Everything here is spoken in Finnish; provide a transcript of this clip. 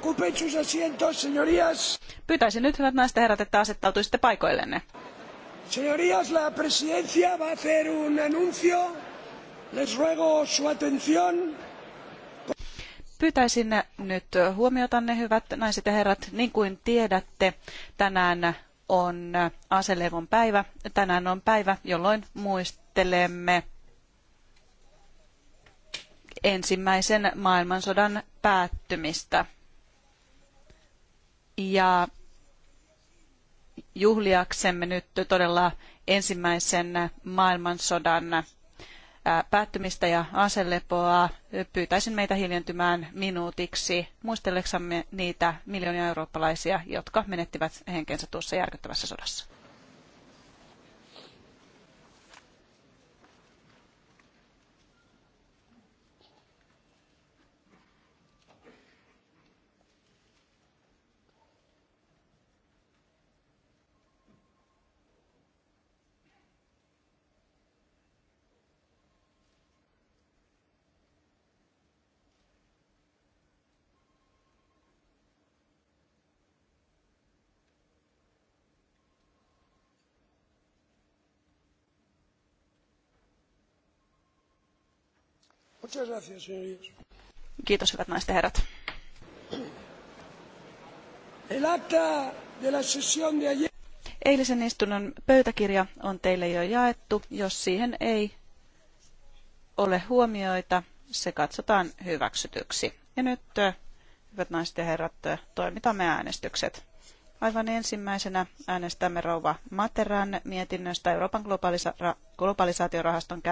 Ocupen sus asientos, señorías. Pyytäisin nyt, hyvät naiset ja herrat, että asettautuisitte paikoillenne. Señorías, la presidencia va a hacer un anuncio. Les ruego su atención. Pyytäisin nyt huomiotanne, hyvät naiset ja herrat. Niin kuin tiedätte, tänään on aselevon päivä. Tänään on päivä, jolloin muistelemme ensimmäisen maailmansodan päättymistä. Ja juhliaksemme nyt todella ensimmäisen maailmansodan päättymistä ja aselepoa pyytäisin meitä hiljentymään minuutiksi muistelleksamme niitä miljoonia eurooppalaisia, jotka menettivät henkensä tuossa järkyttävässä sodassa. Kiitos, hyvät naiset ja herrat. Eilisen istunnon pöytäkirja on teille jo jaettu. Jos siihen ei ole huomioita, se katsotaan hyväksytyksi. Ja nyt, hyvät naiset ja herrat, toimitamme äänestykset. Aivan ensimmäisenä äänestämme rouva Materan mietinnöstä Euroopan globalisaatiorahaston käytöstä.